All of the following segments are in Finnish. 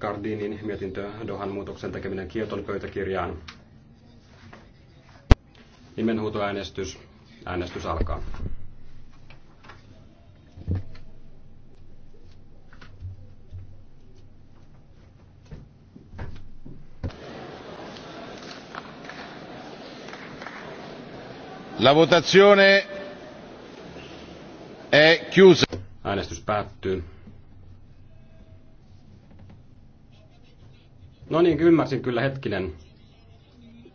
Gardinin mietintö Dohan muutoksen tekeminen Kioton pöytäkirjaan. Nimenhuutoäänestys. Äänestys alkaa. La votazione è chiusa. Äänestys päättyy. No niin, ymmärsin kyllä hetkinen.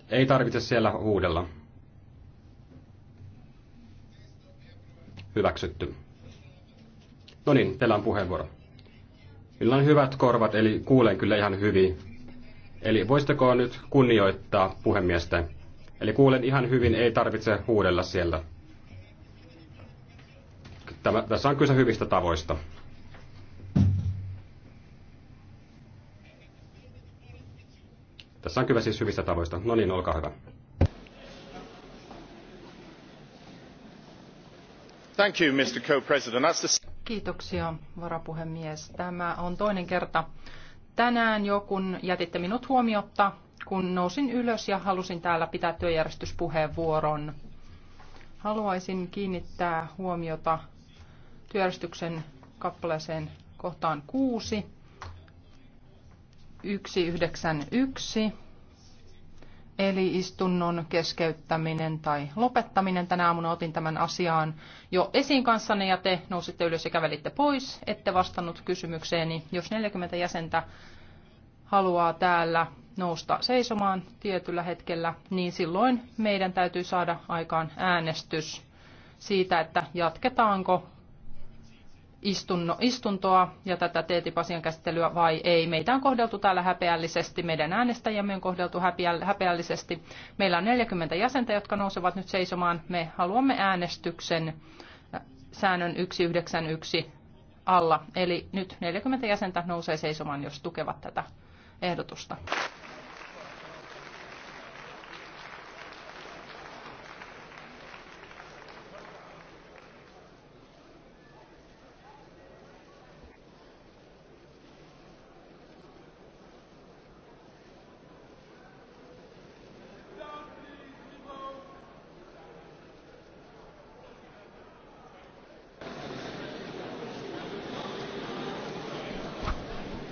Ei tarvitse siellä huudella. Hyväksytty. No niin, teillä on puheenvuoro. Minulla on hyvät korvat, eli kuulen kyllä ihan hyvin. Eli voisitteko nyt kunnioittaa puhemiestä? Eli kuulen ihan hyvin, ei tarvitse huudella siellä. Tämä, tässä on kyse hyvistä tavoista. Tässä on kyllä siis hyvistä tavoista. No niin, olkaa hyvä. Thank you, Mr. Co-President. the... Kiitoksia, varapuhemies. Tämä on toinen kerta tänään jo, kun jätitte minut huomiotta, kun nousin ylös ja halusin täällä pitää työjärjestyspuheenvuoron. Haluaisin kiinnittää huomiota työjärjestyksen kappaleeseen kohtaan 6, 191 eli istunnon keskeyttäminen tai lopettaminen. Tänä aamuna otin tämän asiaan jo esiin kanssanne ja te nousitte ylös ja kävelitte pois. Ette vastannut kysymykseeni. Jos 40 jäsentä haluaa täällä nousta seisomaan tietyllä hetkellä, niin silloin meidän täytyy saada aikaan äänestys siitä, että jatketaanko istuntoa ja tätä TTIP-asian käsittelyä vai ei. Meitä on kohdeltu täällä häpeällisesti, meidän äänestäjämme on kohdeltu häpeällisesti. Meillä on 40 jäsentä, jotka nousevat nyt seisomaan. Me haluamme äänestyksen äh, säännön 191 alla. Eli nyt 40 jäsentä nousee seisomaan, jos tukevat tätä ehdotusta.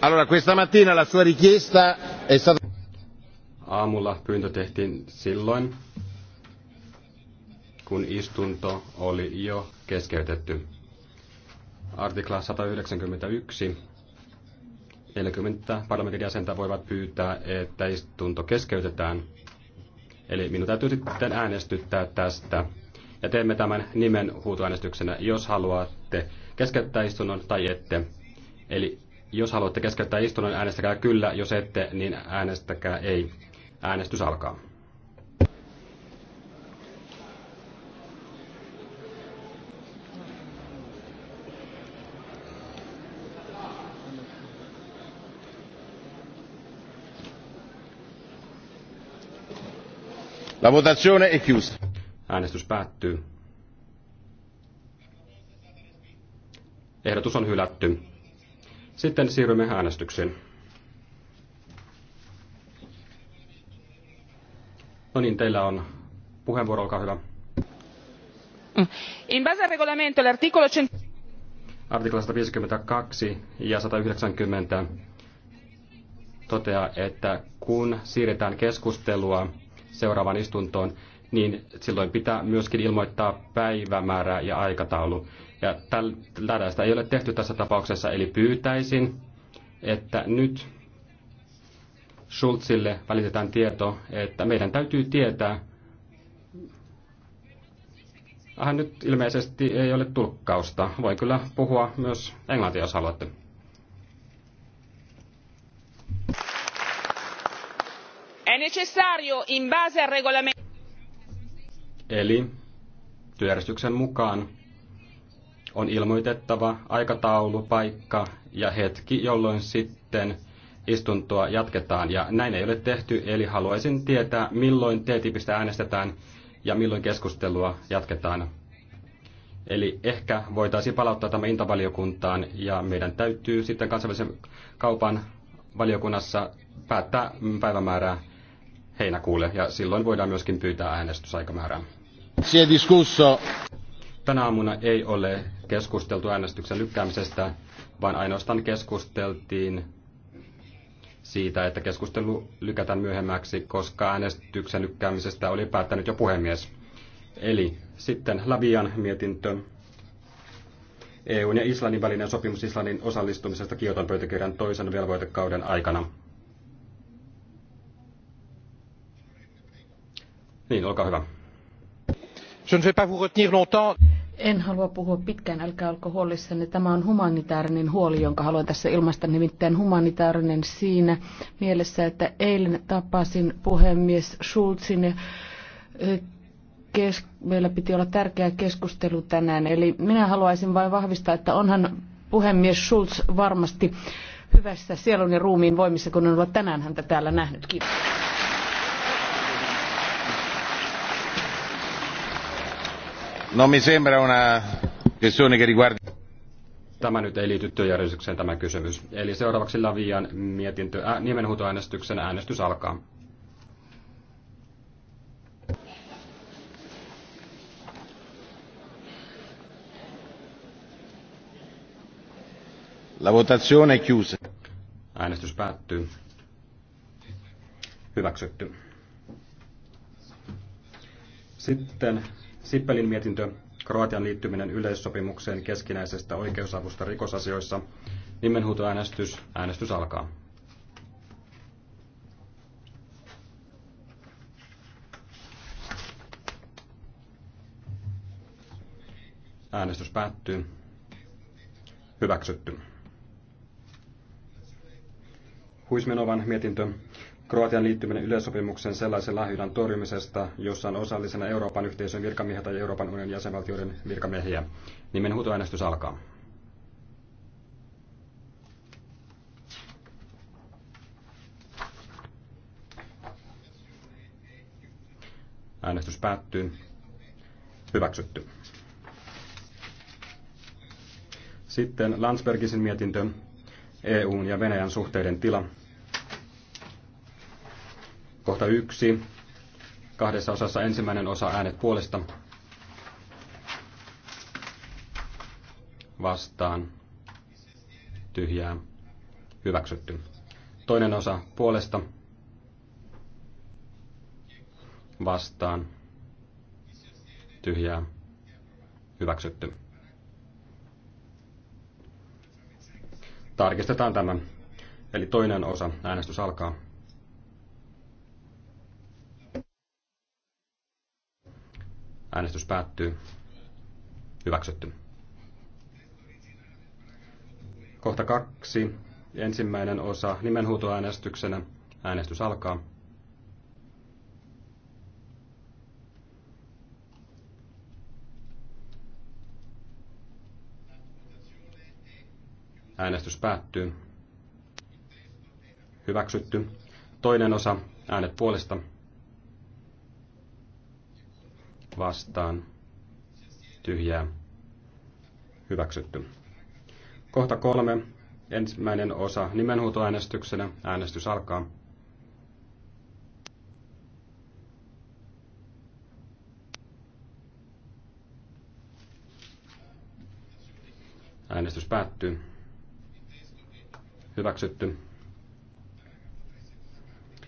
Allora, questa mattina la sua richiesta è stata... Aamulla pyyntö tehtiin silloin, kun istunto oli jo keskeytetty. Artikla 191. 40 parlamentin jäsentä voivat pyytää, että istunto keskeytetään. Eli minun täytyy sitten äänestyttää tästä. Ja teemme tämän nimen huutoäänestyksenä, jos haluatte keskeyttää istunnon tai ette. Eli jos haluatte keskeyttää istunnon, äänestäkää kyllä. Jos ette, niin äänestäkää ei. Äänestys alkaa. La votazione è chiusa. Äänestys päättyy. Ehdotus on hylätty. Sitten siirrymme äänestykseen. No niin, teillä on puheenvuoro, olkaa hyvä. Mm. In base al regolamento, l'articolo... 152 ja 190 toteaa, että kun siirretään keskustelua seuraavaan istuntoon, niin silloin pitää myöskin ilmoittaa päivämäärä ja aikataulu. Ja tällaista ei ole tehty tässä tapauksessa, eli pyytäisin, että nyt Schulzille välitetään tieto, että meidän täytyy tietää, Hän nyt ilmeisesti ei ole tulkkausta. Voin kyllä puhua myös englantia, jos haluatte. È necessario in base al regolamento Eli työjärjestyksen mukaan on ilmoitettava aikataulu, paikka ja hetki, jolloin sitten istuntoa jatketaan. Ja näin ei ole tehty, eli haluaisin tietää, milloin T-tipistä äänestetään ja milloin keskustelua jatketaan. Eli ehkä voitaisiin palauttaa tämä intavaliokuntaan ja meidän täytyy sitten kansainvälisen kaupan valiokunnassa päättää mm, päivämäärää heinäkuulle ja silloin voidaan myöskin pyytää äänestysaikamäärää. Tänä aamuna ei ole keskusteltu äänestyksen lykkäämisestä, vaan ainoastaan keskusteltiin siitä, että keskustelu lykätään myöhemmäksi, koska äänestyksen lykkäämisestä oli päättänyt jo puhemies. Eli sitten Lavian mietintö. EUn ja Islannin välinen sopimus Islannin osallistumisesta Kioton pöytäkirjan toisen velvoitekauden aikana. Niin, olkaa hyvä. En halua puhua pitkään, älkää olko huolissanne. Tämä on humanitaarinen huoli, jonka haluan tässä ilmaista, nimittäin humanitaarinen siinä mielessä, että eilen tapasin puhemies Schulzin kes- meillä piti olla tärkeä keskustelu tänään. Eli minä haluaisin vain vahvistaa, että onhan puhemies Schulz varmasti hyvässä sielun ja ruumiin voimissa, kun on ollut tänään häntä täällä nähnyt. Kiitos. No mi sembra una questione che riguarda... Tämä nyt ei liity työjärjestykseen tämä kysymys. Eli seuraavaksi Lavian mietintö ä, äh, nimenhuutoäänestyksen äänestys alkaa. La votazione è chiusa. Äänestys päättyy. Hyväksytty. Sitten Sippelin mietintö Kroatian liittyminen yleissopimukseen keskinäisestä oikeusavusta rikosasioissa. Nimenhuutoäänestys. Äänestys alkaa. Äänestys päättyy. Hyväksytty. Huismenovan mietintö Kroatian liittyminen yleissopimukseen sellaisen lähiyidän torjumisesta, jossa on osallisena Euroopan yhteisön virkamiehiä tai Euroopan unionin jäsenvaltioiden virkamiehiä. Nimen huutoäänestys alkaa. Äänestys päättyy. Hyväksytty. Sitten Landsbergisin mietintö EUn ja Venäjän suhteiden tila Kohta yksi. Kahdessa osassa ensimmäinen osa äänet puolesta. Vastaan. Tyhjää. Hyväksytty. Toinen osa puolesta. Vastaan. Tyhjää. Hyväksytty. Tarkistetaan tämän. Eli toinen osa. Äänestys alkaa. Äänestys päättyy. Hyväksytty. Kohta kaksi. Ensimmäinen osa nimenhuutoäänestyksenä. Äänestys alkaa. Äänestys päättyy. Hyväksytty. Toinen osa. Äänet puolesta vastaan tyhjää hyväksytty. Kohta kolme. Ensimmäinen osa nimenhuutoäänestyksenä. Äänestys alkaa. Äänestys päättyy. Hyväksytty.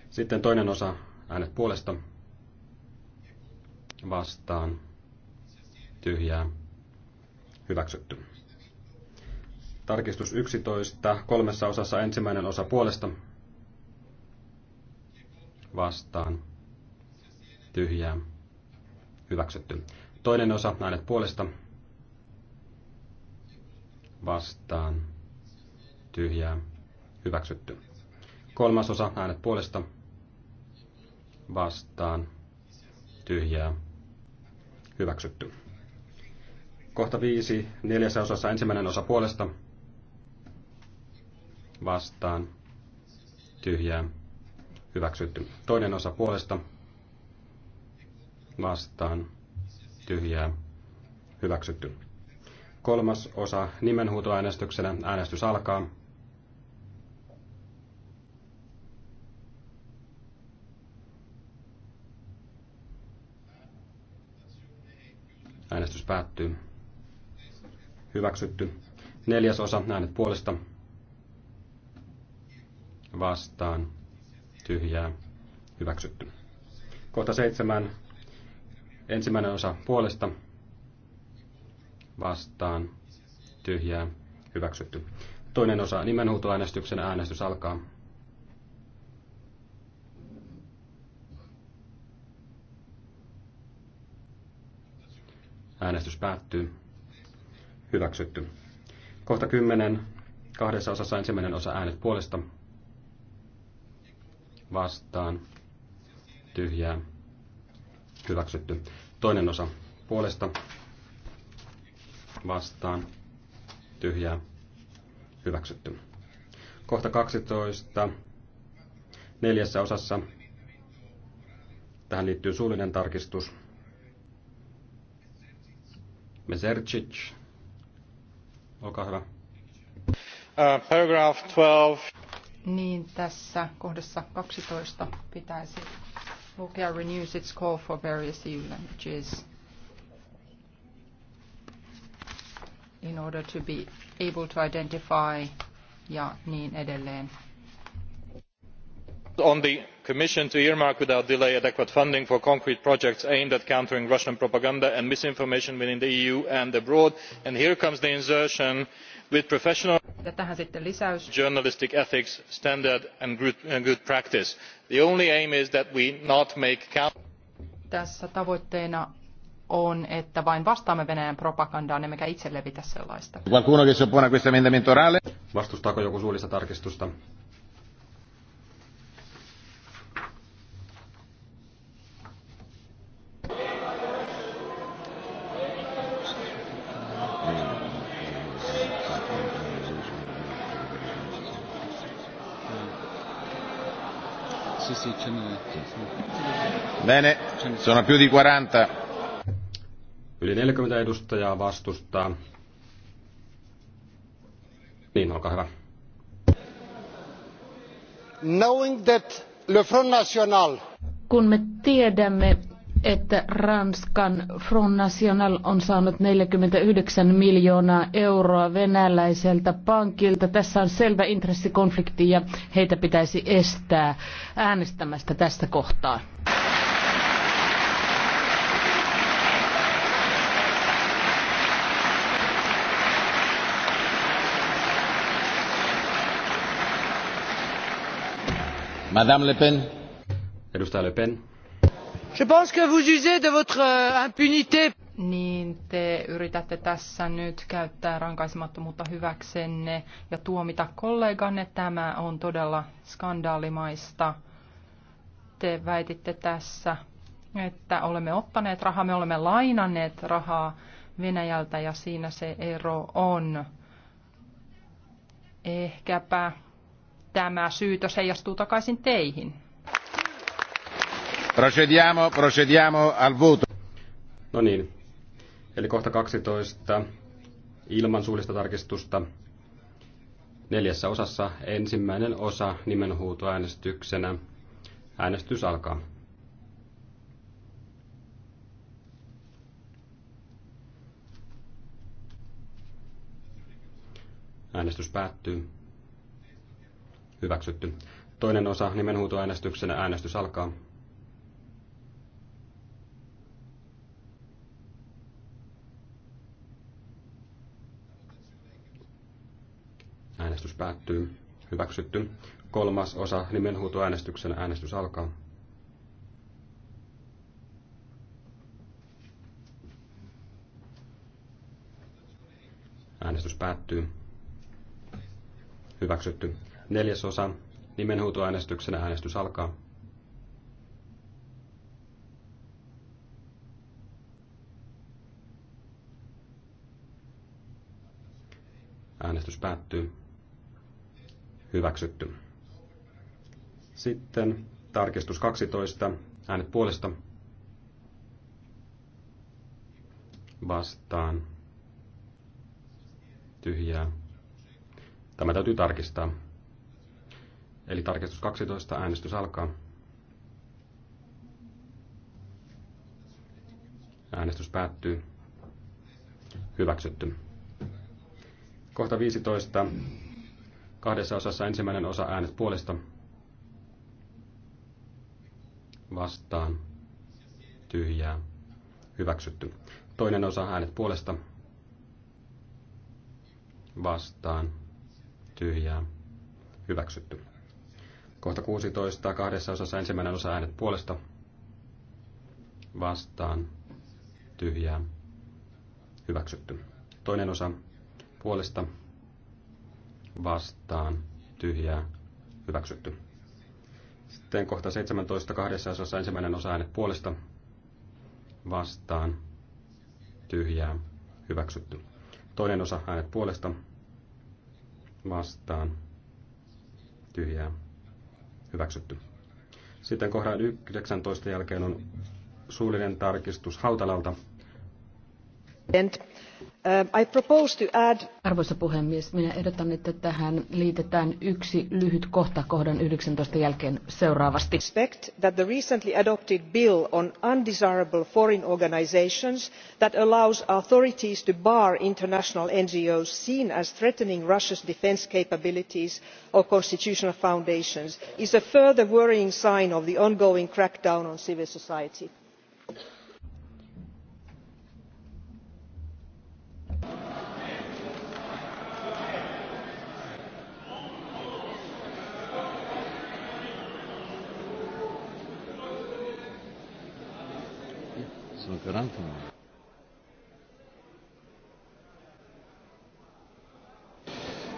Sitten toinen osa, äänet puolesta, vastaan tyhjää hyväksytty. Tarkistus 11. Kolmessa osassa ensimmäinen osa puolesta vastaan tyhjää hyväksytty. Toinen osa äänet puolesta vastaan tyhjää hyväksytty. Kolmas osa äänet puolesta vastaan tyhjää Hyväksytty. Kohta viisi, neljässä osassa ensimmäinen osa puolesta. Vastaan. Tyhjää. Hyväksytty. Toinen osa puolesta. Vastaan. Tyhjää. Hyväksytty. Kolmas osa nimenhuutoäänestyksenä. Äänestys alkaa. Äänestys päättyy. Hyväksytty. Neljäs osa. Äänet puolesta. Vastaan. Tyhjää. Hyväksytty. Kohta seitsemän. Ensimmäinen osa puolesta. Vastaan. Tyhjää. Hyväksytty. Toinen osa nimenhuutoäänestyksen äänestys alkaa. Äänestys päättyy. Hyväksytty. Kohta 10. Kahdessa osassa ensimmäinen osa äänet puolesta. Vastaan. Tyhjää. Hyväksytty. Toinen osa puolesta. Vastaan. Tyhjää. Hyväksytty. Kohta 12. Neljässä osassa. Tähän liittyy suullinen tarkistus. Mesercic, olkaa hyvä. Uh, paragraph 12. Niin tässä kohdassa 12 pitäisi lukea renews its call for various EU languages in order to be able to identify ja niin edelleen. On the commission to earmark without delay adequate funding for concrete projects aimed at countering russian propaganda and misinformation within the eu and abroad and here comes the insertion with professional journalistic ethics standards and uh, good practice. the only aim is that we do not make. tässä tavoitteena on, että vain vastaamme Venäjän propagandaan, emmekä itse levitä sellaista. Vastustaako joku suullista tarkistusta? Bene, sono più di 40. Yli 40 edustajaa vastustaa. Niin, olkaa hyvä. Knowing that le Front National... Kun me tiedämme, että Ranskan Front National on saanut 49 miljoonaa euroa venäläiseltä pankilta. Tässä on selvä intressikonflikti ja heitä pitäisi estää äänestämästä tästä kohtaa. Madame Le Pen. Edustaja Le Pen. Je pense que vous usez de votre euh, impunité. Niin te yritätte tässä nyt käyttää rankaisemattomuutta hyväksenne ja tuomita kolleganne. Tämä on todella skandaalimaista. Te väititte tässä, että olemme ottaneet rahaa, me olemme lainanneet rahaa Venäjältä ja siinä se ero on. Ehkäpä tämä syytös heijastuu takaisin teihin. Procediamo, procediamo al voto. No niin, eli kohta 12 ilman suullista tarkistusta neljässä osassa ensimmäinen osa äänestyksenä. Äänestys alkaa. Äänestys päättyy. Hyväksytty. Toinen osa nimenhuutoäänestyksenä äänestys alkaa. Äänestys päättyy. Hyväksytty. Kolmas osa nimenhuutoäänestyksenä äänestys alkaa. Äänestys päättyy. Hyväksytty. Neljäsosa nimenhuutoäänestyksenä äänestys alkaa. Äänestys päättyy. Hyväksytty. Sitten tarkistus 12. Äänet puolesta. Vastaan. Tyhjää. Tämä täytyy tarkistaa. Eli tarkistus 12, äänestys alkaa. Äänestys päättyy. Hyväksytty. Kohta 15. Kahdessa osassa ensimmäinen osa äänet puolesta. Vastaan. Tyhjää. Hyväksytty. Toinen osa äänet puolesta. Vastaan. Tyhjää. Hyväksytty. Kohta 16, kahdessa osassa ensimmäinen osa äänet puolesta vastaan tyhjää hyväksytty. Toinen osa puolesta vastaan tyhjää hyväksytty. Sitten kohta 17, kahdessa osassa ensimmäinen osa äänet puolesta vastaan tyhjää hyväksytty. Toinen osa äänet puolesta vastaan tyhjää hyväksytty. Sitten kohdan 19 jälkeen on suullinen tarkistus Hautalalta. Um, Arvoisa puhemies, minä ehdotan, että tähän liitetään yksi lyhyt kohta kohdan yhdeksäntoista jälkeen seuraavasti. Expect that the recently adopted bill on undesirable foreign organisations that allows authorities to bar international NGOs seen as threatening Russia's defence capabilities or constitutional foundations is a further worrying sign of the ongoing crackdown on civil society.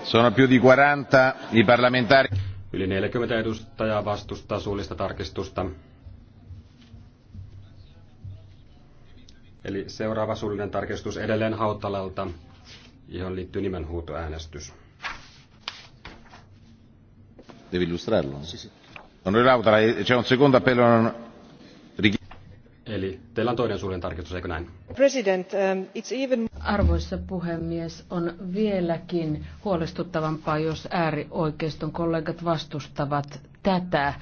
Sono più di 40 i parlamentari. Yli 40 edustajaa vastustaa suullista tarkistusta. Eli seuraava suullinen tarkistus edelleen Hautalalta, johon liittyy nimenhuutoäänestys. Devi illustrarlo? No? Sì, Onorevole Hautala, eh, c'è un secondo appello non... Eli teillä on toinen suullinen tarkistus, eikö näin? President, um, it's even Arvoisa puhemies, on vieläkin huolestuttavampaa, jos äärioikeiston kollegat vastustavat tätä.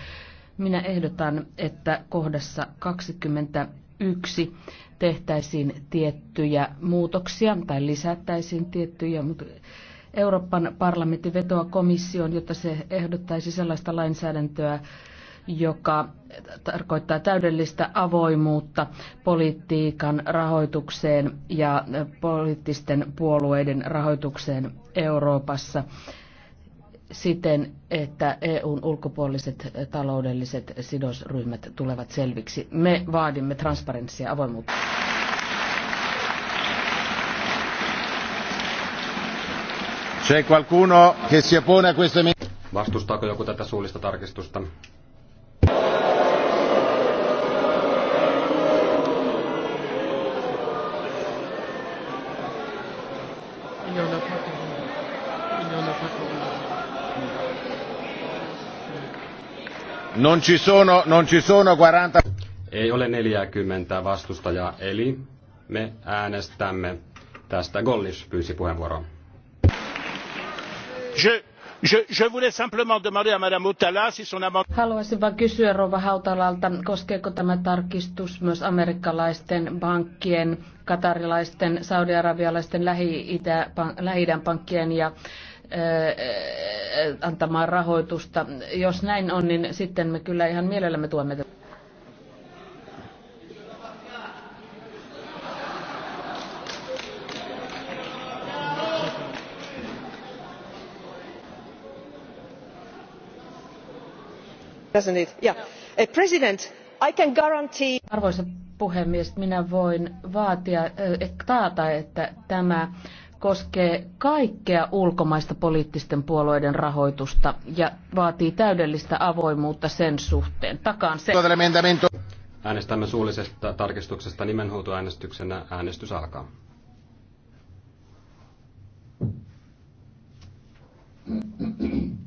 Minä ehdotan, että kohdassa 21 tehtäisiin tiettyjä muutoksia tai lisättäisiin tiettyjä, mutta Euroopan parlamentti vetoa komissioon, jotta se ehdottaisi sellaista lainsäädäntöä, joka tarkoittaa täydellistä avoimuutta politiikan rahoitukseen ja poliittisten puolueiden rahoitukseen Euroopassa siten, että EUn ulkopuoliset taloudelliset sidosryhmät tulevat selviksi. Me vaadimme transparenssia ja avoimuutta. C'è qualcuno che si oppone a Vastustaako joku tätä suullista tarkistusta? n'y en a pas pour vous. Il n'y en a pas pour vous. Non ci sono, non ci sono 40... Ei ole 40 vastustajaa, eli me äänestämme tästä. Gollis pyysi puheenvuoroa. Je, je, je voulais simplement demander à Madame Hautala si son amant... Haluaisin vain kysyä Rova Hautalalta, koskeeko tämä tarkistus myös amerikkalaisten pankkien katarilaisten, saudi-arabialaisten lähi-idän pankkien ja antamaan rahoitusta. Jos näin on, niin sitten me kyllä ihan mielellämme tuomme tätä. doesn't it? Yeah. president eh, Arvoisa puhemies, minä voin vaatia, taata, että tämä koskee kaikkea ulkomaista poliittisten puolueiden rahoitusta ja vaatii täydellistä avoimuutta sen suhteen. Takaan se. Tuota Äänestämme suullisesta tarkistuksesta nimenhuutoäänestyksenä. Äänestys alkaa. Mm-hmm.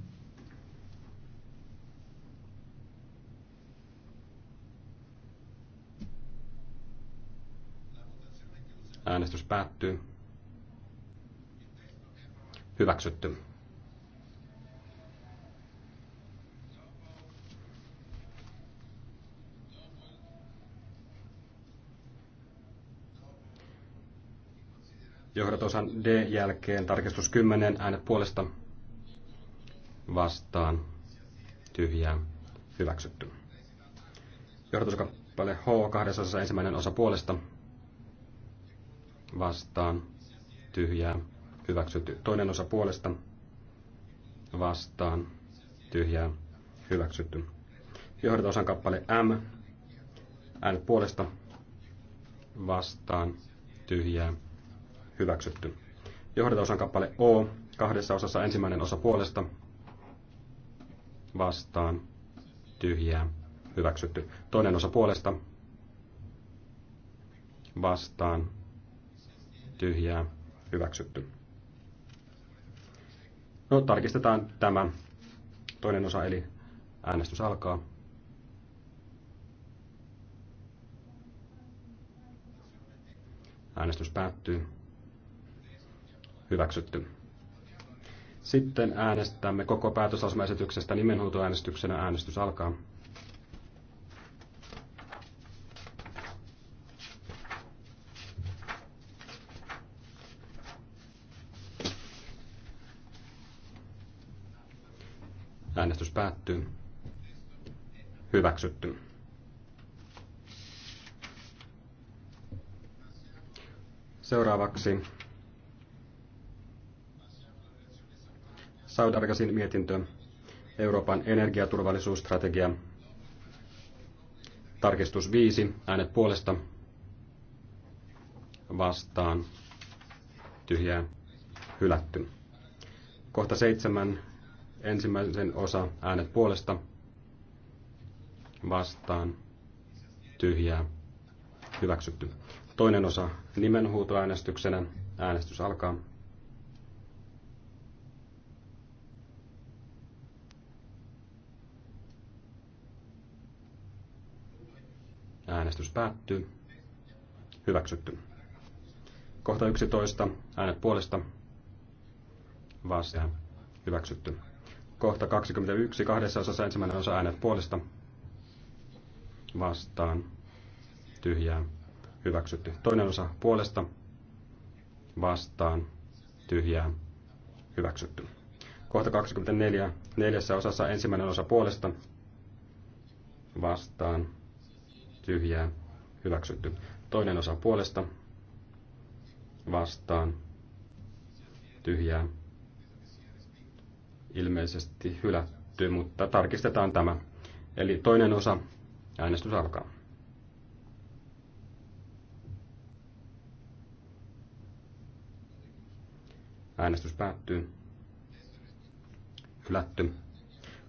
Äänestys päättyy. Hyväksytty. Johdatosan D jälkeen tarkistus 10 äänet puolesta vastaan tyhjää hyväksytty. Johdatuskappale H kahdessa osassa ensimmäinen osa puolesta vastaan, tyhjää, hyväksytty. Toinen osa puolesta, vastaan, tyhjää, hyväksytty. osan kappale M, N puolesta, vastaan, tyhjää, hyväksytty. osan kappale O, kahdessa osassa ensimmäinen osa puolesta, vastaan, tyhjää, hyväksytty. Toinen osa puolesta, vastaan, tyhjää hyväksytty. No, tarkistetaan tämä toinen osa, eli äänestys alkaa. Äänestys päättyy. Hyväksytty. Sitten äänestämme koko päätösasmaesityksestä nimenhuutoäänestyksenä. Äänestys alkaa. päättyy. Hyväksytty. Seuraavaksi Saudarkasin mietintö Euroopan energiaturvallisuusstrategia. Tarkistus 5. Äänet puolesta vastaan tyhjää hylätty. Kohta 7 ensimmäisen osa äänet puolesta vastaan tyhjää hyväksytty. Toinen osa nimenhuutoäänestyksenä. Äänestys alkaa. Äänestys päättyy. Hyväksytty. Kohta 11. Äänet puolesta. Vastaan. Hyväksytty. Kohta 21, kahdessa osassa ensimmäinen osa äänet puolesta. Vastaan. Tyhjää. Hyväksytty. Toinen osa puolesta. Vastaan. Tyhjää. Hyväksytty. Kohta 24, neljässä osassa ensimmäinen osa puolesta. Vastaan. Tyhjää. Hyväksytty. Toinen osa puolesta. Vastaan. Tyhjää ilmeisesti hylätty, mutta tarkistetaan tämä. Eli toinen osa, äänestys alkaa. Äänestys päättyy. Hylätty.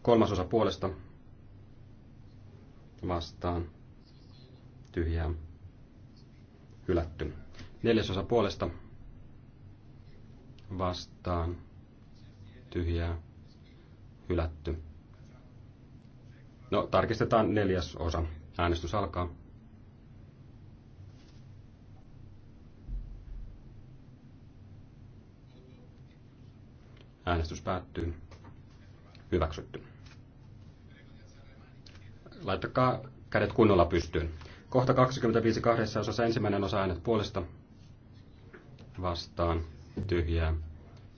Kolmas osa puolesta. Vastaan. Tyhjää. Hylätty. osa puolesta. Vastaan. Tyhjää hylätty. No, tarkistetaan neljäs osa. Äänestys alkaa. Äänestys päättyy. Hyväksytty. Laittakaa kädet kunnolla pystyyn. Kohta 25 kahdessa osassa ensimmäinen osa äänet puolesta vastaan tyhjää.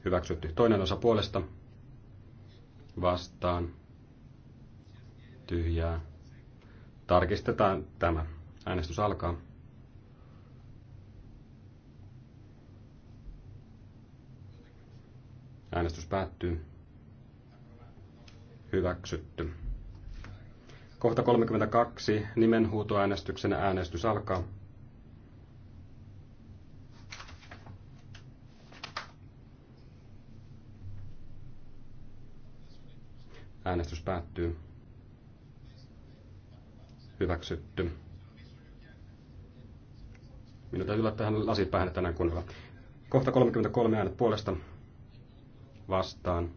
Hyväksytty. Toinen osa puolesta vastaan, tyhjää. Tarkistetaan tämä. Äänestys alkaa. Äänestys päättyy. Hyväksytty. Kohta 32. Nimenhuutoäänestyksen äänestys alkaa. Äänestys päättyy. Hyväksytty. Minun täytyy olla tähän lasit päähän tänään kunnolla. Kohta 33 äänet puolesta vastaan.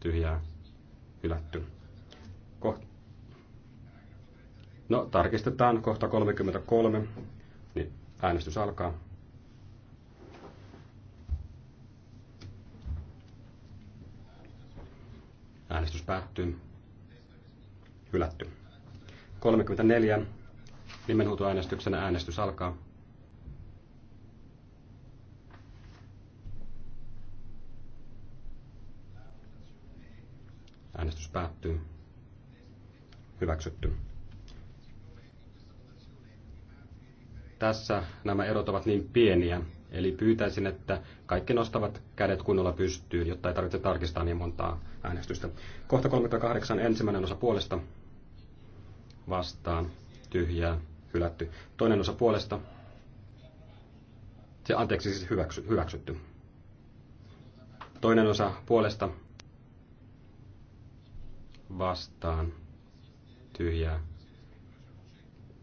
Tyhjää. Hylätty. Kohta. No, tarkistetaan kohta 33. Niin äänestys alkaa. Äänestys päättyy. Hylätty. 34. Nimenhuutoäänestyksenä äänestys alkaa. Äänestys päättyy. Hyväksytty. Tässä nämä erot ovat niin pieniä, Eli pyytäisin, että kaikki nostavat kädet kunnolla pystyyn, jotta ei tarvitse tarkistaa niin montaa äänestystä. Kohta 38, ensimmäinen osa puolesta vastaan, tyhjää, hylätty. Toinen osa puolesta, se anteeksi siis hyväksy, hyväksytty. Toinen osa puolesta vastaan, tyhjää.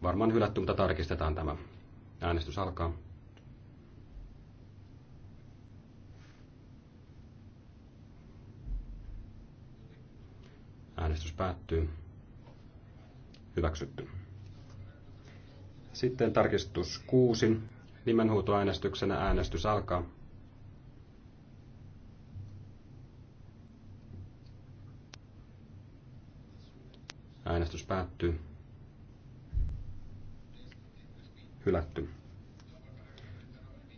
Varmaan hylätty, mutta tarkistetaan tämä. Äänestys alkaa. Äänestys päättyy. Hyväksytty. Sitten tarkistus 6. Nimenhuutoäänestyksenä äänestys alkaa. Äänestys päättyy. Hylätty.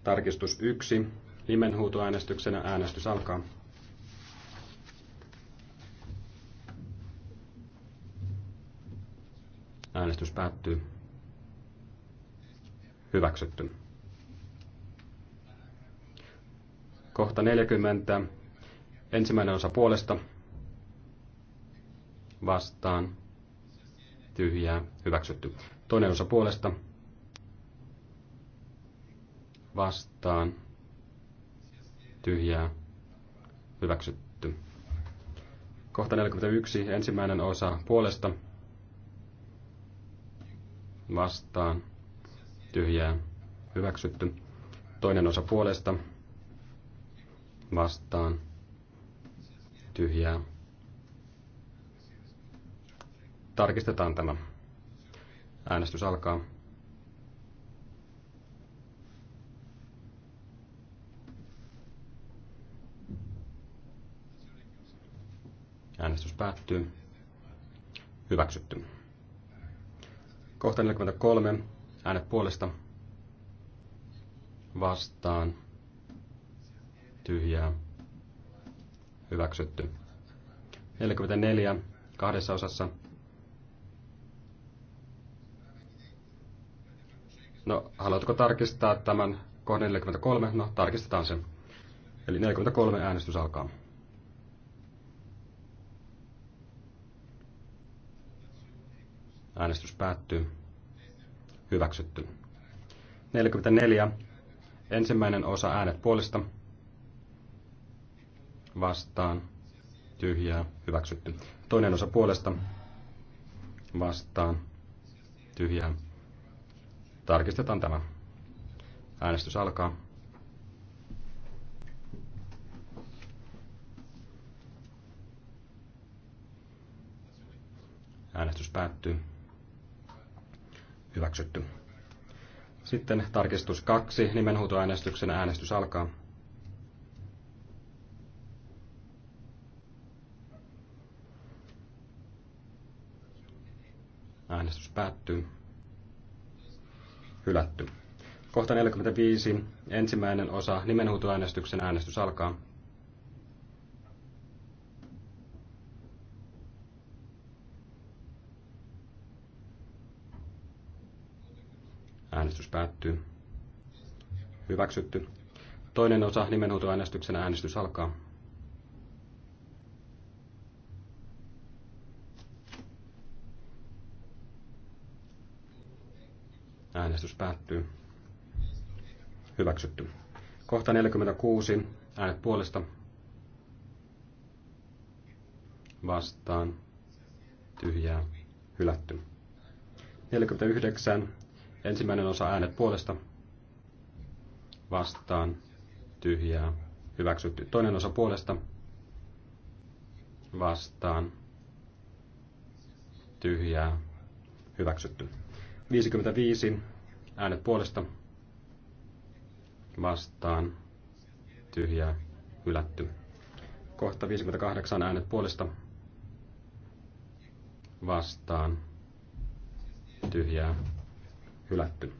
Tarkistus 1. Nimenhuutoäänestyksenä äänestys alkaa. Äänestys päättyy. Hyväksytty. Kohta 40. Ensimmäinen osa puolesta. Vastaan. Tyhjää. Hyväksytty. Toinen osa puolesta. Vastaan. Tyhjää. Hyväksytty. Kohta 41. Ensimmäinen osa puolesta vastaan, tyhjää, hyväksytty. Toinen osa puolesta, vastaan, tyhjää. Tarkistetaan tämä. Äänestys alkaa. Äänestys päättyy. Hyväksytty. Kohta 43. Äänet puolesta. Vastaan. Tyhjää. Hyväksytty. 44. Kahdessa osassa. No, haluatko tarkistaa tämän kohdan 43? No, tarkistetaan sen. Eli 43 äänestys alkaa. Äänestys päättyy. Hyväksytty. 44. Ensimmäinen osa äänet puolesta. Vastaan. Tyhjää. Hyväksytty. Toinen osa puolesta. Vastaan. Tyhjää. Tarkistetaan tämä. Äänestys alkaa. Äänestys päättyy. Hyväksytty. Sitten tarkistus kaksi nimenhuutoäänestyksen äänestys alkaa. Äänestys päättyy. Hylätty. Kohta 45. Ensimmäinen osa nimenhuutoäänestyksen äänestys alkaa. Äänestys päättyy. Hyväksytty. Toinen osa nimenhuutoäänestyksen äänestys alkaa. Äänestys päättyy. Hyväksytty. Kohta 46. Äänet puolesta. Vastaan. Tyhjää. Hylätty. 49. Ensimmäinen osa äänet puolesta vastaan tyhjää hyväksytty. Toinen osa puolesta vastaan tyhjää hyväksytty. 55 äänet puolesta vastaan tyhjää hylätty. Kohta 58 äänet puolesta vastaan tyhjää hylätty.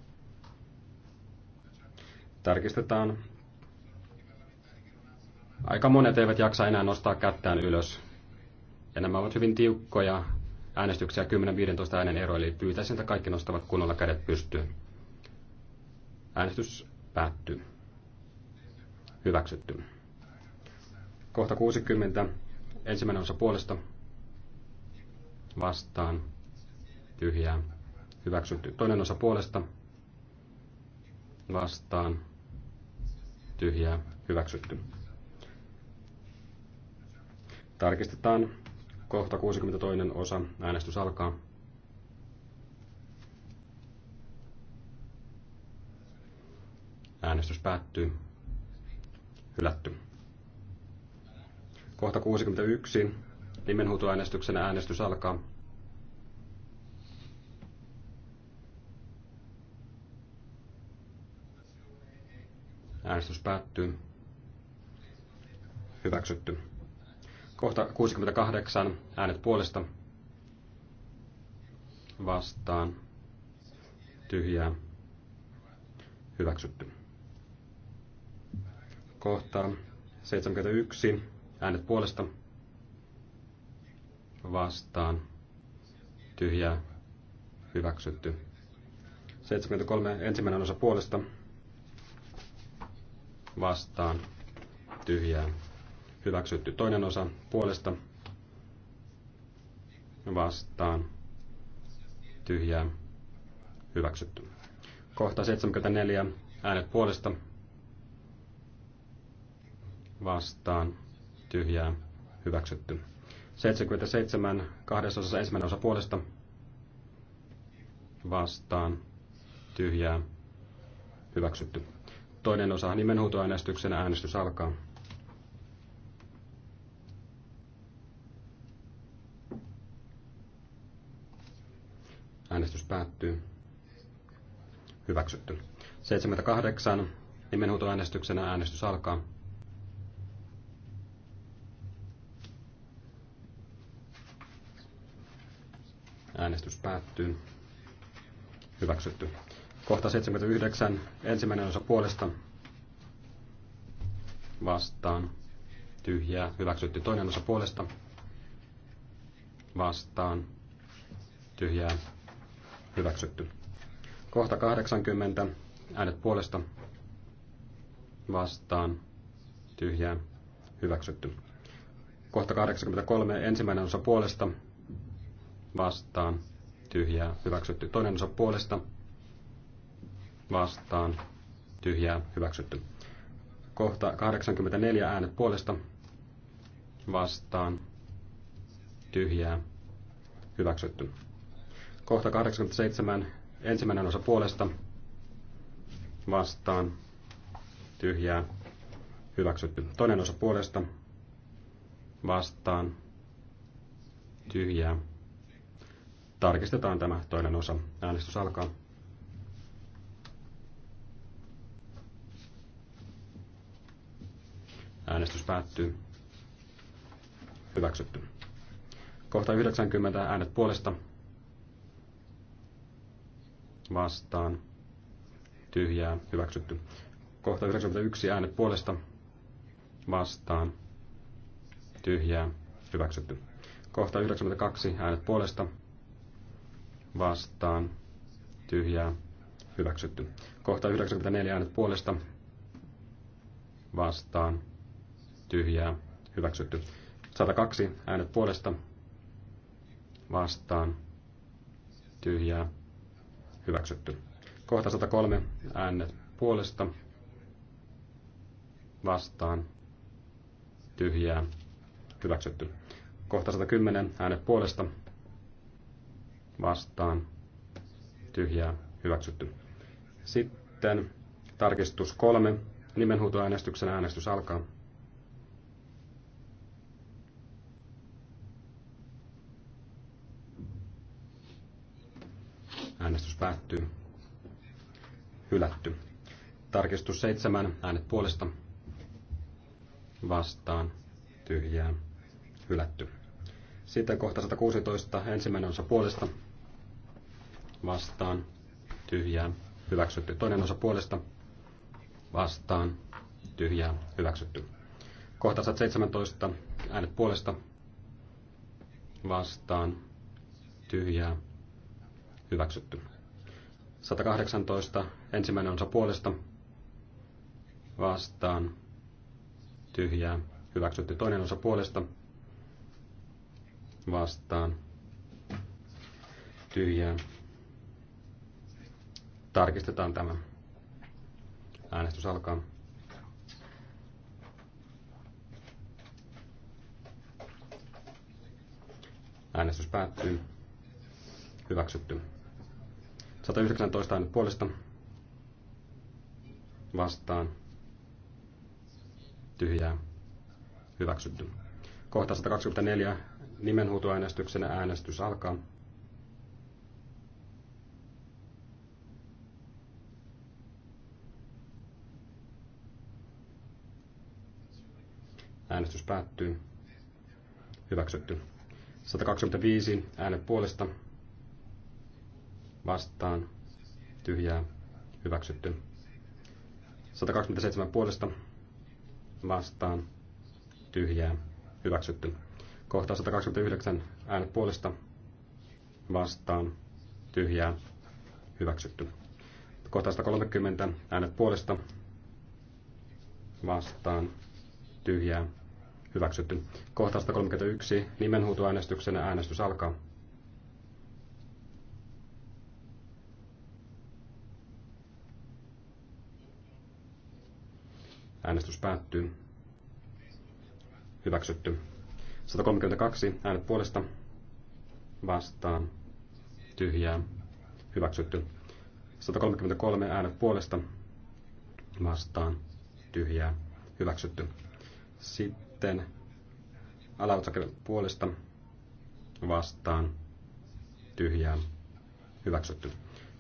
Tarkistetaan. Aika monet eivät jaksa enää nostaa kättään ylös. Ja nämä ovat hyvin tiukkoja äänestyksiä 10-15 äänen ero, eli pyytäisin, että kaikki nostavat kunnolla kädet pystyyn. Äänestys päättyy. Hyväksytty. Kohta 60. Ensimmäinen osa puolesta. Vastaan. Tyhjää hyväksytty. Toinen osa puolesta vastaan tyhjää hyväksytty. Tarkistetaan kohta 62 osa. Äänestys alkaa. Äänestys päättyy. Hylätty. Kohta 61. Nimenhuutoäänestyksen äänestys alkaa. Äänestys päättyy. Hyväksytty. Kohta 68. Äänet puolesta. Vastaan. Tyhjää. Hyväksytty. Kohta 71. Äänet puolesta. Vastaan. Tyhjää. Hyväksytty. 73. Ensimmäinen osa puolesta vastaan tyhjää hyväksytty. Toinen osa puolesta vastaan tyhjää hyväksytty. Kohta 74 äänet puolesta vastaan tyhjää hyväksytty. 77 kahdesosassa ensimmäinen osa puolesta vastaan tyhjää hyväksytty. Toinen osa nimenhuutoäänestyksen äänestys alkaa. Äänestys päättyy. Hyväksytty. 78. Nimenhuutoäänestyksenä äänestys alkaa. Äänestys päättyy. Hyväksytty. Kohta 79, ensimmäinen osa puolesta vastaan, tyhjää, hyväksytty. Toinen osa puolesta vastaan, tyhjää, hyväksytty. Kohta 80, äänet puolesta vastaan, tyhjää, hyväksytty. Kohta 83, ensimmäinen osa puolesta vastaan, tyhjää, hyväksytty. Toinen osa puolesta vastaan, vastaan tyhjää hyväksytty. Kohta 84 äänet puolesta vastaan tyhjää hyväksytty. Kohta 87 ensimmäinen osa puolesta vastaan tyhjää hyväksytty. Toinen osa puolesta vastaan tyhjää. Tarkistetaan tämä toinen osa. Äänestys alkaa. Äänestys päättyy. Hyväksytty. Kohta 90 äänet puolesta. Vastaan. Tyhjää. Hyväksytty. Kohta 91 äänet puolesta. Vastaan. Tyhjää. Hyväksytty. Kohta 92 äänet puolesta. Vastaan. Tyhjää. Hyväksytty. Kohta 94 äänet puolesta. Vastaan tyhjää, hyväksytty. 102 äänet puolesta, vastaan, tyhjää, hyväksytty. Kohta 103 äänet puolesta, vastaan, tyhjää, hyväksytty. Kohta 110 äänet puolesta, vastaan, tyhjää, hyväksytty. Sitten tarkistus 3, nimenhuutoäänestyksen äänestys alkaa. Äänestys päättyy. Hylätty. Tarkistus seitsemän. Äänet puolesta. Vastaan. Tyhjää. Hylätty. Sitten kohta 116. Ensimmäinen osa puolesta. Vastaan. Tyhjää. Hyväksytty. Toinen osa puolesta. Vastaan. Tyhjää. Hyväksytty. Kohta 117. Äänet puolesta. Vastaan. Tyhjää hyväksytty. 118, ensimmäinen osa puolesta, vastaan, tyhjää, hyväksytty. Toinen osa puolesta, vastaan, tyhjää. Tarkistetaan tämä. Äänestys alkaa. Äänestys päättyy. Hyväksytty. 119 äänet puolesta vastaan tyhjää hyväksytty. Kohta 124 nimenhuutoäänestyksenä äänestys alkaa. Äänestys päättyy. Hyväksytty. 125 äänet puolesta vastaan tyhjää hyväksytty. 127 puolesta vastaan tyhjää hyväksytty. Kohta 129 äänet puolesta vastaan tyhjää hyväksytty. Kohta 130 äänet puolesta vastaan tyhjää hyväksytty. Kohta 131 nimenhuutoäänestyksenä äänestys alkaa. Äänestys päättyy. Hyväksytty. 132. Äänet puolesta. Vastaan. Tyhjää. Hyväksytty. 133. Äänet puolesta. Vastaan. Tyhjää. Hyväksytty. Sitten alaotsake puolesta. Vastaan. Tyhjää. Hyväksytty.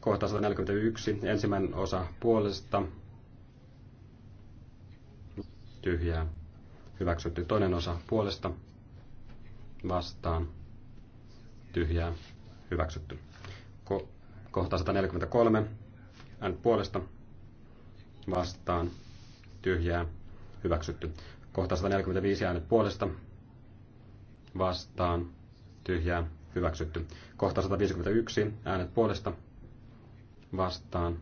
Kohta 141. Ensimmäinen osa puolesta tyhjää, hyväksytty toinen osa puolesta, vastaan, tyhjää, hyväksytty. Ko- kohta 143, äänet puolesta, vastaan, tyhjää, hyväksytty. Kohta 145 äänet puolesta, vastaan, tyhjää, hyväksytty. Kohta 151 äänet puolesta, vastaan,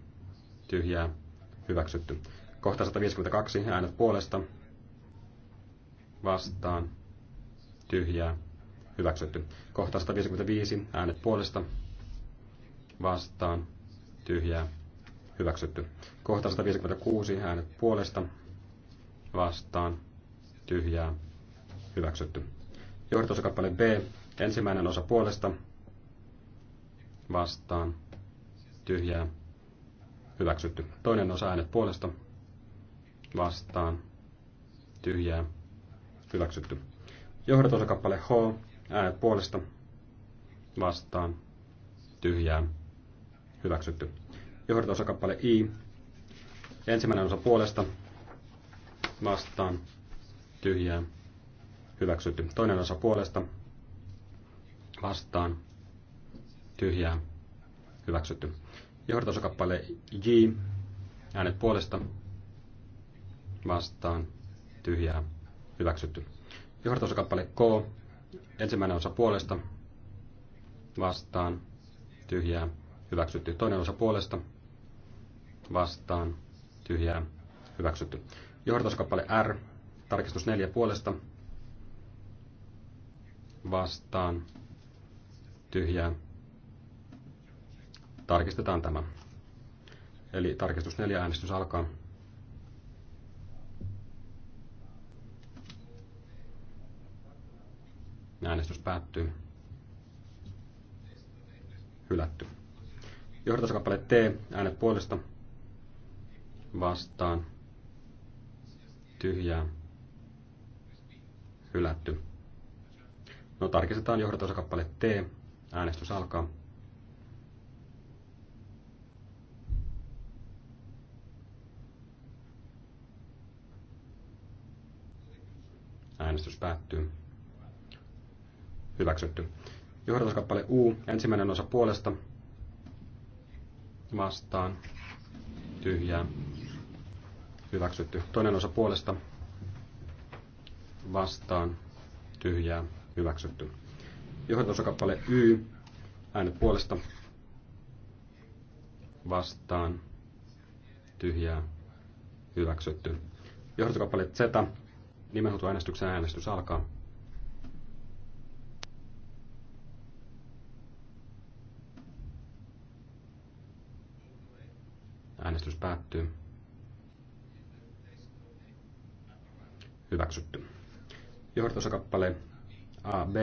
tyhjää, hyväksytty. Kohta 152 äänet puolesta vastaan tyhjää hyväksytty. Kohta 155 äänet puolesta vastaan tyhjää hyväksytty. Kohta 156 äänet puolesta vastaan tyhjää hyväksytty. Johdatusokappale B ensimmäinen osa puolesta vastaan tyhjää hyväksytty. Toinen osa äänet puolesta vastaan, tyhjää, hyväksytty. Johdatusosakappale H, äänet puolesta, vastaan, tyhjää, hyväksytty. Johdatusosakappale I, ensimmäinen osa puolesta, vastaan, tyhjää, hyväksytty. Toinen osa puolesta, vastaan, tyhjää, hyväksytty. Johdatusosakappale J, äänet puolesta, vastaan, tyhjää, hyväksytty. Johdatusokappale K, ensimmäinen osa puolesta, vastaan, tyhjää, hyväksytty. Toinen osa puolesta, vastaan, tyhjää, hyväksytty. Johdatuskappale R, tarkistus neljä puolesta, vastaan, tyhjää. Tarkistetaan tämä. Eli tarkistus neljä äänestys alkaa. Äänestys päättyy. Hylätty. Johdatuskappale T, äänet puolesta. Vastaan. Tyhjää. Hylätty. No tarkistetaan johdatuskappale T. Äänestys alkaa. Äänestys päättyy hyväksytty. Johdatuskappale U, ensimmäinen osa puolesta, vastaan, tyhjää, hyväksytty. Toinen osa puolesta, vastaan, tyhjää, hyväksytty. Johdatuskappale Y, äänet puolesta, vastaan, tyhjää, hyväksytty. Johdatuskappale Z, äänestyksen äänestys alkaa. Äänestys päättyy. Hyväksytty. A, AB.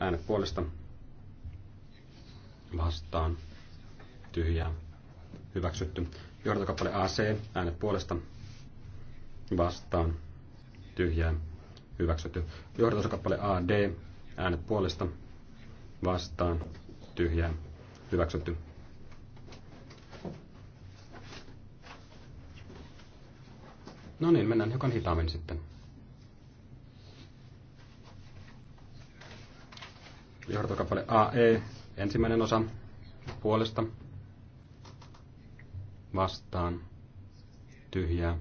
Äänet puolesta. Vastaan. Tyhjää. Hyväksytty. A, AC. Äänet puolesta. Vastaan. Tyhjää. Hyväksytty. A, AD. Äänet puolesta. Vastaan. Tyhjää. Hyväksytty No niin, mennään hiukan hitaammin sitten. Johdokappale AE, ensimmäinen osa puolesta vastaan tyhjää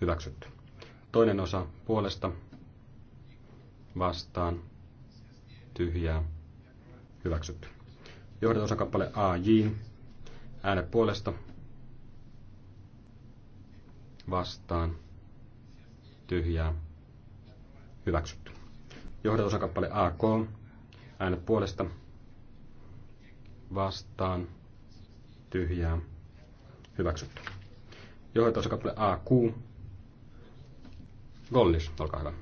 hyväksytty. Toinen osa puolesta vastaan tyhjää hyväksytty. Johdatusosakappale AJ, äänet puolesta vastaan tyhjää hyväksytty. Johdatusan A AK, äänet puolesta vastaan tyhjää hyväksytty. Johdatusan kappale AQ, Gollis, olkaa hyvä.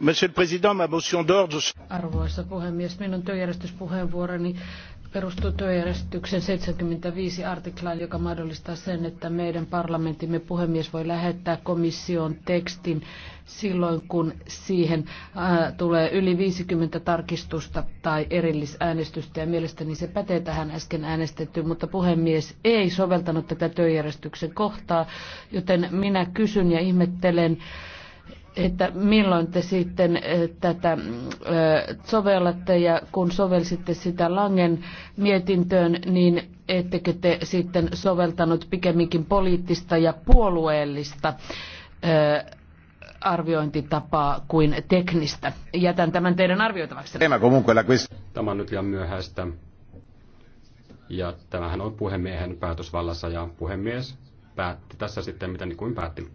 Monsieur le Président, ma motion d'ordre. Arvoisa puhemies, minun työjärjestyspuheenvuoroni perustuu työjärjestyksen 75 artiklaan, joka mahdollistaa sen, että meidän parlamentimme puhemies voi lähettää komission tekstin silloin, kun siihen tulee yli 50 tarkistusta tai erillisäänestystä. Ja mielestäni se pätee tähän äsken äänestettyyn, mutta puhemies ei soveltanut tätä työjärjestyksen kohtaa, joten minä kysyn ja ihmettelen, että milloin te sitten eh, tätä eh, sovellatte ja kun sovelsitte sitä Langen mietintöön, niin ettekö te sitten soveltanut pikemminkin poliittista ja puolueellista eh, arviointitapaa kuin teknistä. Jätän tämän teidän arvioitavaksi. Tämä on nyt liian myöhäistä. Ja tämähän on puhemiehen päätösvallassa ja puhemies päätti tässä sitten, mitä niin kuin päätti.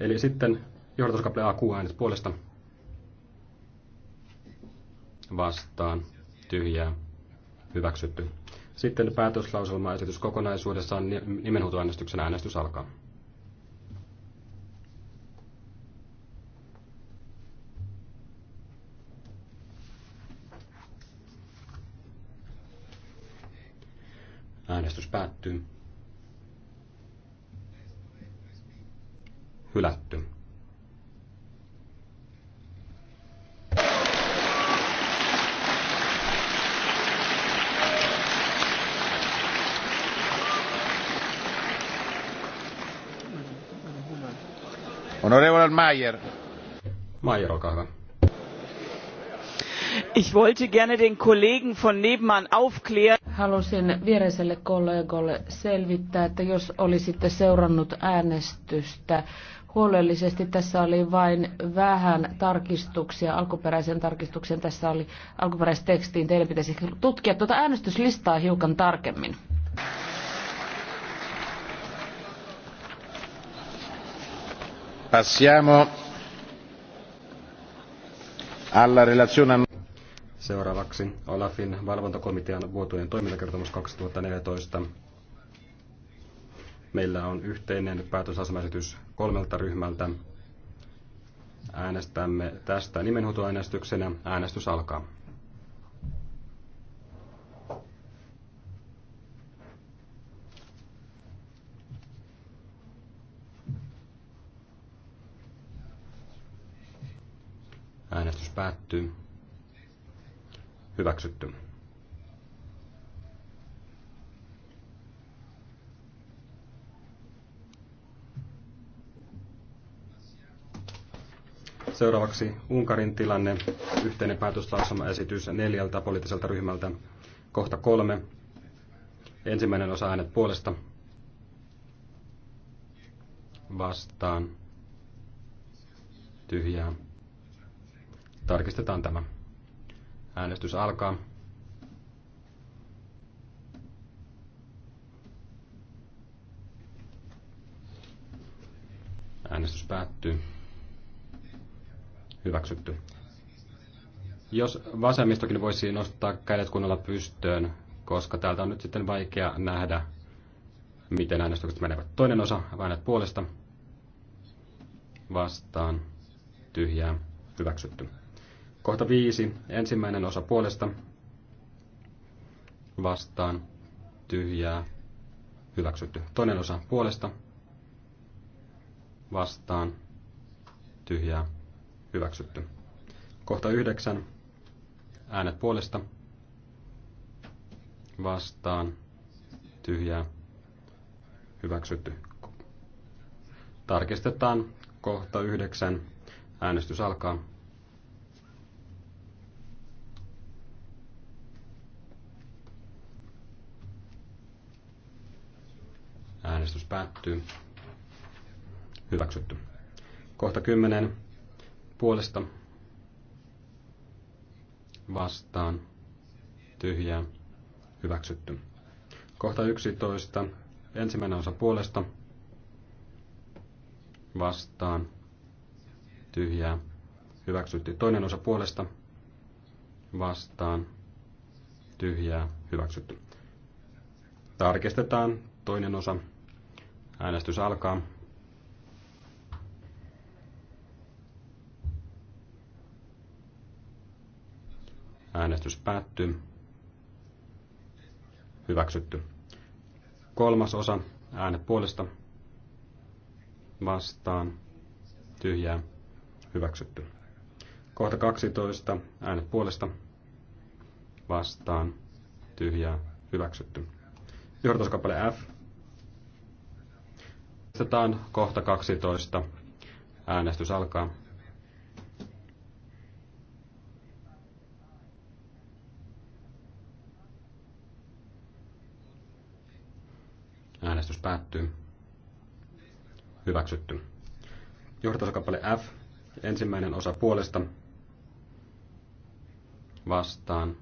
Eli sitten Johdatuskaple AQ-äänet puolesta. Vastaan. Tyhjää. Hyväksytty. Sitten päätöslauselmaesitys kokonaisuudessaan nimenhuutoäänestyksen äänestys alkaa. Äänestys päättyy. Hylätty. Honorable Mayer. Mayer, Ich wollte gerne den Kollegen von nebenan aufklären. Halusin viereiselle kollegolle selvittää, että jos olisitte seurannut äänestystä huolellisesti, tässä oli vain vähän tarkistuksia, alkuperäisen tarkistuksen tässä oli alkuperäistekstiin. Niin Teidän pitäisi tutkia tuota äänestyslistaa hiukan tarkemmin. Passiamo alla relazione Seuraavaksi Olafin valvontakomitean vuotuinen toimintakertomus 2014. Meillä on yhteinen päätösasemaesitys kolmelta ryhmältä. Äänestämme tästä nimenhuutoäänestyksenä. Äänestys alkaa. Äänestys päättyy. Hyväksytty. Seuraavaksi Unkarin tilanne, yhteinen esitys neljältä poliittiselta ryhmältä, kohta kolme. Ensimmäinen osa äänet puolesta. Vastaan. Tyhjää. Tarkistetaan tämä. Äänestys alkaa. Äänestys päättyy. Hyväksytty. Jos vasemmistokin voisi nostaa kädet kunnolla pystöön, koska täältä on nyt sitten vaikea nähdä, miten äänestykset menevät. Toinen osa, äänet puolesta, vastaan, tyhjää, hyväksytty. Kohta viisi, ensimmäinen osa puolesta vastaan tyhjää hyväksytty. Toinen osa puolesta vastaan tyhjää hyväksytty. Kohta yhdeksän, äänet puolesta vastaan tyhjää hyväksytty. Tarkistetaan kohta yhdeksän. Äänestys alkaa. Äänestys päättyy. Hyväksytty. Kohta 10. Puolesta vastaan tyhjää hyväksytty. Kohta 11. Ensimmäinen osa puolesta vastaan tyhjää hyväksytty. Toinen osa puolesta vastaan tyhjää hyväksytty. Tarkistetaan toinen osa Äänestys alkaa. Äänestys päättyy. Hyväksytty. Kolmas osa. Äänet puolesta. Vastaan. Tyhjää. Hyväksytty. Kohta 12. Äänet puolesta. Vastaan. Tyhjää. Hyväksytty. Johdatuskappale F Tarkistetaan kohta 12. Äänestys alkaa. Äänestys päättyy. Hyväksytty. Johdatuskappale F. Ensimmäinen osa puolesta. Vastaan.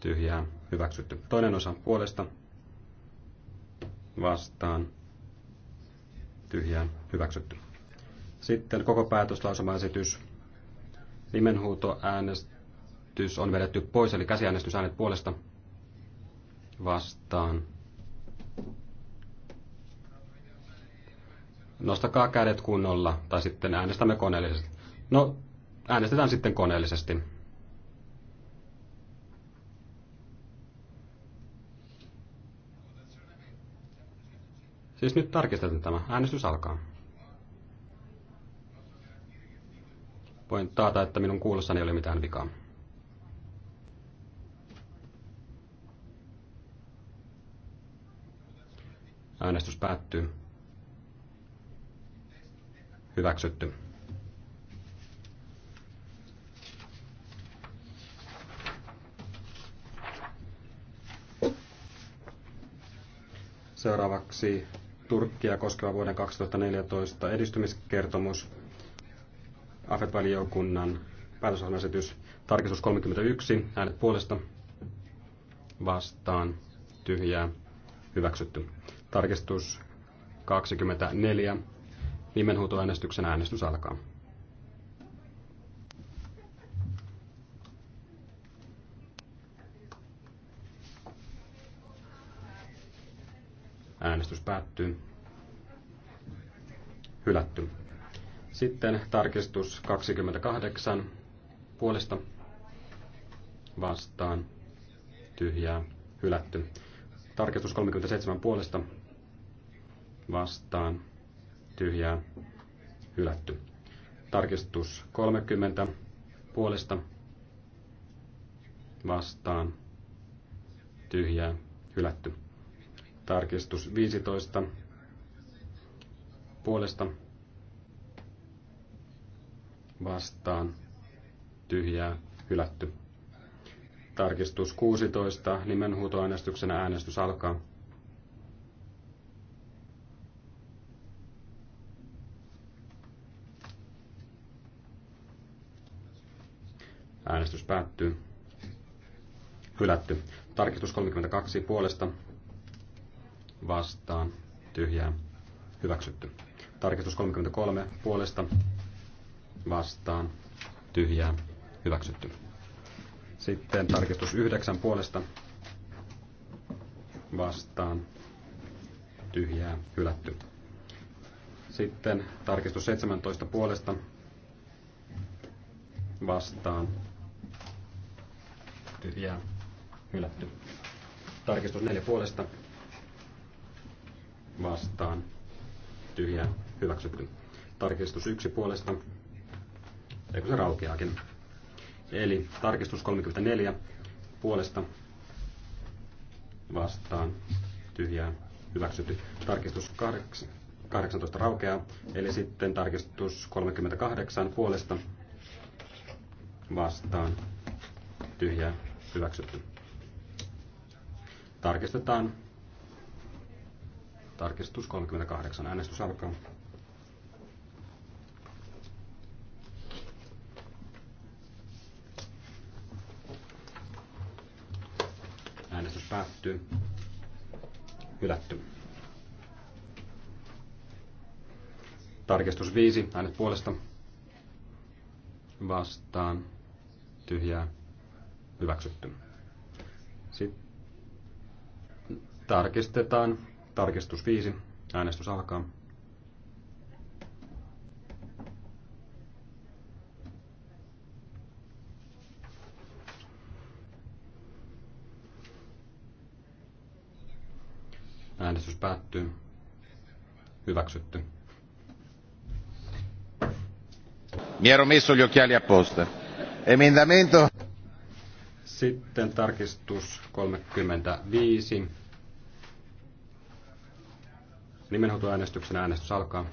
Tyhjää. Hyväksytty. Toinen osa puolesta. Vastaan tyhjään hyväksytty. Sitten koko päätöslausumaesitys. Nimenhuutoäänestys äänestys on vedetty pois, eli käsiäänestys äänet puolesta vastaan. Nostakaa kädet kunnolla, tai sitten äänestämme koneellisesti. No, äänestetään sitten koneellisesti. Siis nyt tarkistetaan tämä. Äänestys alkaa. Voin taata, että minun kuulossani ei ole mitään vikaa. Äänestys päättyy. Hyväksytty. Seuraavaksi Turkkia koskeva vuoden 2014 edistymiskertomus, AFET-valiokunnan päätösasemaesitys, tarkistus 31, äänet puolesta, vastaan, tyhjää, hyväksytty. Tarkistus 24, nimenhuutoäänestyksen äänestys alkaa. Äänestys päättyy. Hylätty. Sitten tarkistus 28 puolesta vastaan tyhjää hylätty. Tarkistus 37 puolesta vastaan tyhjää hylätty. Tarkistus 30 puolesta vastaan tyhjää hylätty. Tarkistus 15 puolesta vastaan tyhjää hylätty. Tarkistus 16 nimenhuutoäänestyksenä äänestys alkaa. Äänestys päättyy. Hylätty. Tarkistus 32 puolesta vastaan, tyhjää, hyväksytty. Tarkistus 33 puolesta vastaan, tyhjää, hyväksytty. Sitten tarkistus 9 puolesta vastaan, tyhjää, hylätty. Sitten tarkistus 17 puolesta vastaan, tyhjää, hylätty. Tarkistus 4 puolesta vastaan Tyhjä hyväksytty. Tarkistus yksi puolesta. Eikö se raukeakin? Eli tarkistus 34 puolesta vastaan Tyhjä hyväksytty. Tarkistus 18 raukeaa, eli sitten tarkistus 38 puolesta vastaan Tyhjä hyväksytty. Tarkistetaan Tarkistus 38. Äänestys alkaa. Äänestys päättyy. Hylätty. Tarkistus 5. Äänet puolesta. Vastaan. Tyhjää. Hyväksytty. Sitten tarkistetaan Tarkistus 5. Äänestys alkaa. Äänestys päättyy. Hyväksytty. Mi ero messo gli occhiali apposta. Emendamento. Sitten tarkistus 35 Nimenhoitoäänestyksen äänestys alkaa.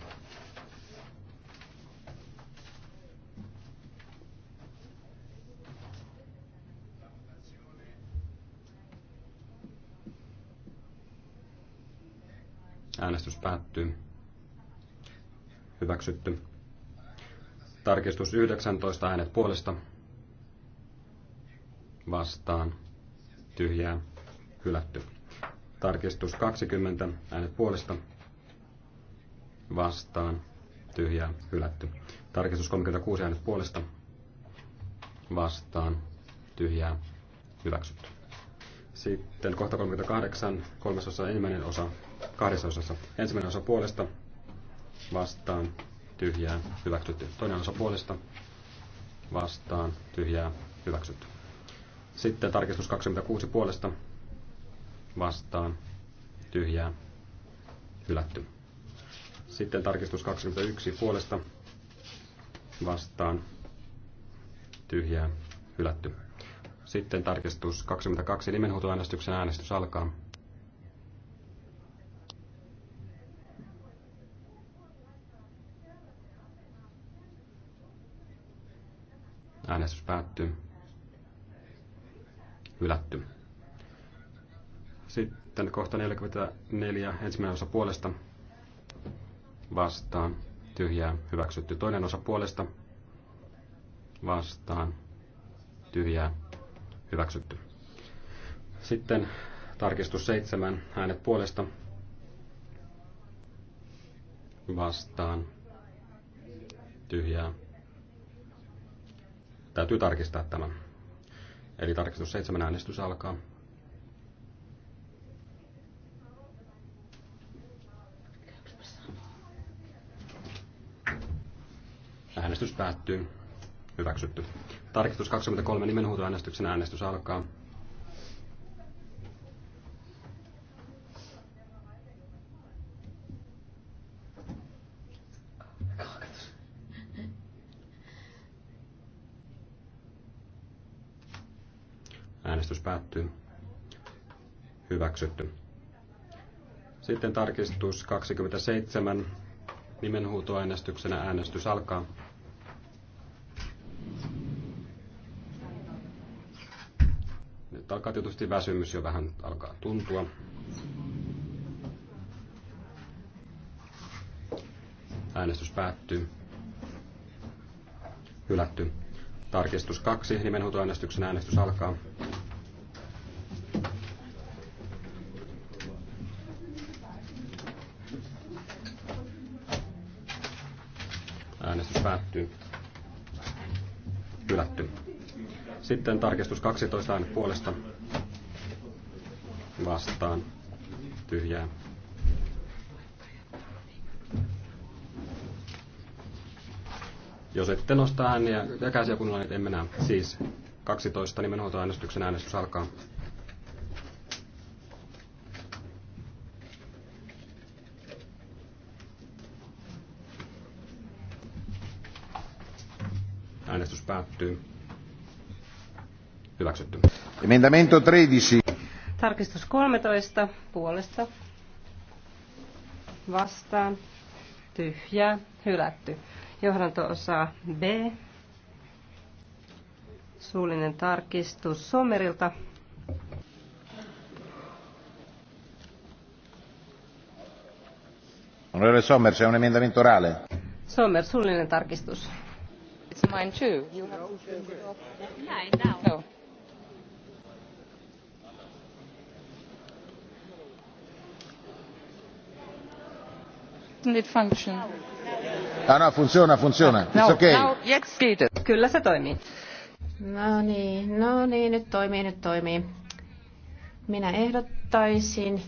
Äänestys päättyy. Hyväksytty. Tarkistus 19 äänet puolesta. Vastaan. Tyhjää. Hylätty. Tarkistus 20 äänet puolesta vastaan, tyhjää, hylätty. Tarkistus 36 äänet puolesta, vastaan, tyhjää, hyväksytty. Sitten kohta 38, kolmasosa, ensimmäinen osa, kahdessa osassa. Ensimmäinen osa puolesta, vastaan, tyhjää, hyväksytty. Toinen osa puolesta, vastaan, tyhjää, hyväksytty. Sitten tarkistus 26 puolesta, vastaan, tyhjää, hylätty. Sitten tarkistus 21 puolesta vastaan tyhjää hylätty. Sitten tarkistus 22 nimenhuutoäänestyksen äänestys alkaa. Äänestys päättyy. Hylätty. Sitten kohta 44 ensimmäinen osa puolesta vastaan, tyhjää, hyväksytty. Toinen osa puolesta, vastaan, tyhjää, hyväksytty. Sitten tarkistus seitsemän, äänet puolesta, vastaan, tyhjää. Täytyy tarkistaa tämä. Eli tarkistus seitsemän äänestys alkaa. Äänestys päättyy. Hyväksytty. Tarkistus 23 nimenhuutoäänestyksen äänestys alkaa. Äänestys päättyy. Hyväksytty. Sitten tarkistus 27. Nimenhuutoäänestyksenä äänestys alkaa. Nyt alkaa tietysti väsymys jo vähän alkaa tuntua. Äänestys päättyy. Hylätty. Tarkistus 2. Nimenhuutoäänestyksen äänestys alkaa. Sitten tarkistus 12 puolesta vastaan tyhjää. Jos ette nosta ääniä ja käsiä kunnolla, niin emme näe. Siis 12 nimenhuoltoäänestyksen äänestys alkaa. Äänestys päättyy hyväksytty. Emendamento 13. Tarkistus 13 puolesta. Vastaan. tyhjä Hylätty. Johdanto-osaa B. Suullinen tarkistus Somerilta. Onorevole Sommer, se on emendamento orale. Sommer, suullinen tarkistus. It's mine too. You have... no, now. No. No, Kyllä se toimii. No niin, no niin, nyt toimii, nyt toimii. Minä ehdottaisin,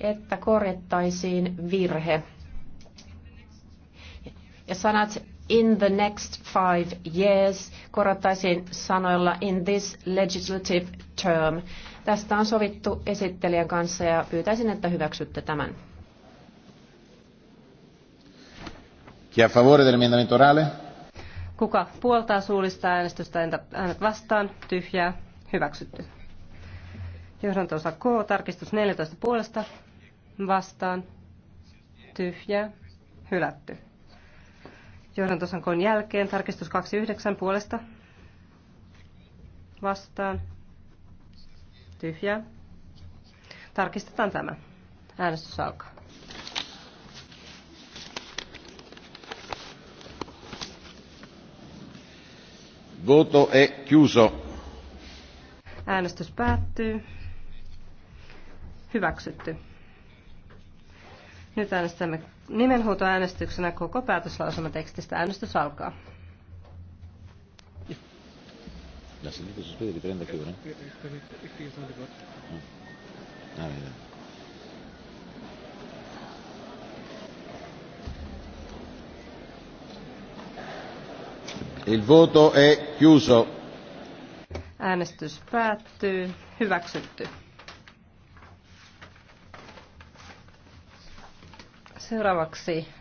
että korjattaisiin virhe. Ja sanat in the next five years korjattaisiin sanoilla in this legislative term. Tästä on sovittu esittelijän kanssa ja pyytäisin, että hyväksytte tämän. Chi a favore dell'emendamento orale? Kuka puoltaa suullista äänestystä, entä äänet vastaan, tyhjää, hyväksytty. Johdanto-osa K, tarkistus 14 puolesta, vastaan, tyhjää, hylätty. Johdantosan koon jälkeen tarkistus 29 puolesta, vastaan, tyhjää. Tarkistetaan tämä. Äänestys alkaa. Voto è chiuso. Äänestys päättyy. Hyväksytty. Nyt äänestämme nimenhuutoäänestyksenä koko päätöslausumatekstistä. Äänestys alkaa. La sentite sospiro di 30 euro? Ah, vediamo. Il voto è chiuso. Äänestys päättyy. Hyväksytty. Seuraavaksi